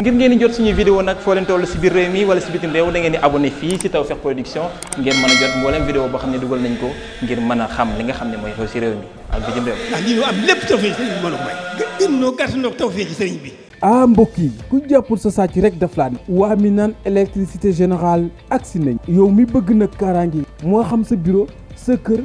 ngir ngeen di jot suñu vidéo nag foo leen toll si biir réew mi wala si bitim réew da ngeen di abonné fii si Tawfekh Production a jot ngir mën a xam li nga xam ne mooy xew si réew mi ak bitim réew. Ah, ndax am lépp tawfeex sëriñ bi mën sëriñ bi. ah mbokk yi ku jàppul sa sàcc rek daf laan waa mi naan électricité générale agsi nañ. yow mi bëgg nag kaaraange moo xam sa bureau sa kër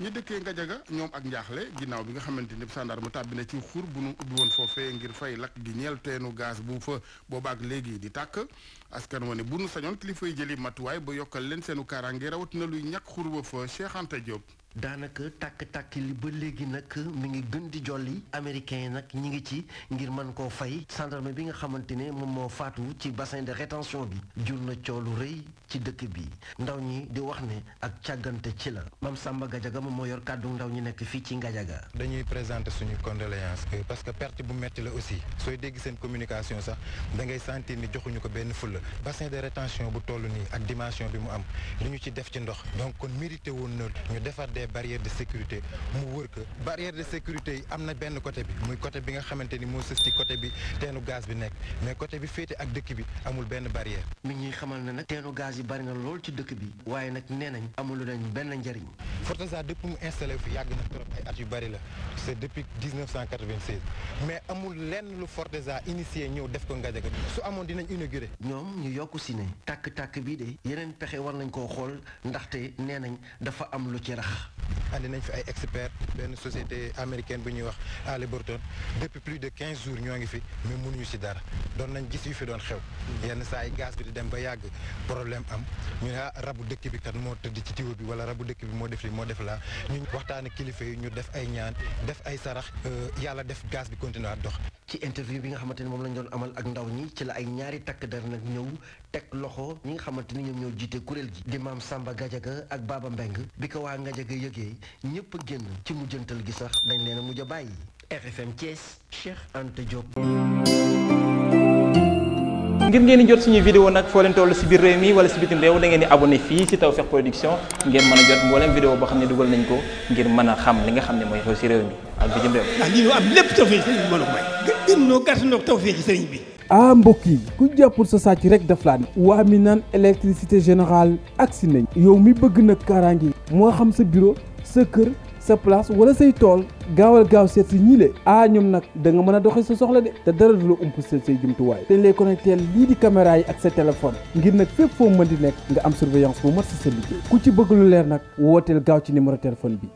ñi dëkkee Ngajaga ñoom ak njaaxle ginnaaw bi nga xamante ni sandarma tàbbi na ci xur bu nu ubbi woon foofee ngir fay lakk gi ñeel teenu gaz bu fa boobaak léegi di tàkk askan wa ne bu nu sañoon kilifa jëli matuwaay ba yokkal leen seenu kaaraange rawatina luy ñàkk xur wa fa Cheikh Anta daanaka tàkk-tàkk li ba léegi nag mu ngi gën di jolli américain yi nag ñi ngi ci ngir mën koo fay sandarma bi nga xamante ne moom moo faatu ci bassin de rétention bi jur na coow rëy ci dëkk bi ndaw ñi di wax ni ak càggante ci la Mame Samba Gadiaga moom moo yor kàddu ndaw ñi nekk fii ci Ngadiaga dañuy présenter suñu condoléance euh, parce que perte bu metti la aussi sooy dégg seen communication sax da ngay sentir ni joxuñu ko benn fulla bassin de rétention bu toll nii ak dimension bi mu am lu ñu ci def ci ndox donc kon mérité woon na ñu defar des barrières de sécurité mu wër ko barrière de sécurité yi am na benn côté bi muy côté bi nga xamante ni moo sës ci côté bi teenu gaz bi nekk mais côté bi féete ak dëkk bi amul benn barrière yi bari na lool ci dëkk bi waaye nag nee nañ amul nañ benn njariñ Fortensa depuis mu installé fi yàgg na trop ay at yu bari la c'est depuis 1996 mais amul lenn lu Fortensa initier ñëw def ko Ngadiaga su amoon dinañ inauguré ñoom ñu yokku si ne tàkk-tàkk bii de yeneen pexe war nañ koo xool ndaxte nee nañ dafa am lu ci rax andi nañ fi ay experts benn société américaine bu ñuy wax Halliburton depuis plus de quinze jours ñoo ngi fi mais mënuñu si dara doon nañ gis yu fi doon xew yenn saa ay gaz bi di dem ba yàgg problème am ñu ne ah, rabu dëkk bi kat moo tëdd ci tiwo bi wala rabu dëkk bi moo def li moo def laa ñu waxtaane kilifa yi ñu def ay ñaan def ay sarax euh, yàlla def gaz bi continuer dox ci interview bi nga xamante ni moom lañu doon amal ak ndaw ñi ci la ay ñaari takk der nag ñëw teg loxo ñi nga xamante ni ñoom ñoo jiite kuréel gi maam Samba Gajaga ak Baba Mbeng ko waa Gajaga yëgee yi ñëpp génn ci mujjantal gi sax dañ leen a mujj a bàyyi RFM Thiès Cheikh Anta Diop. ngir ngeen di jot suñu vidéo nag foo leen toll si biir réew mi wala si bitim réew da ngeen di abonné fii si Tawfekh Production ngeen mën a jot boo xam ne dugal nañ ko ngir mën a xam li nga xam ne mooy xew si réew mi ak bitim réew. ndax ah, lii ñu am lépp Tawfekh sëriñ bi mën a sëriñ bi. ah mbokk yi ku jàppul sa sàcc rek daf laa ne. waa mi naan électricité générale si nañ. yow mi bëgg nag kaaraange moo xam sa bureau. sa kër sa place wala say tool gaawal gaaw seet si ñiile ah ñoom nag da nga mën a doxe sa soxla de te dara du la ump seet say jumtuwaay te ñu lay connecté lii di caméra yi ak sa téléphone ngir nag fépp foo mën di nekk nga am surveillance bu mat si sa liggéey ku ci bëgg lu leer nag wooteel gaaw ci numéro téléphone bi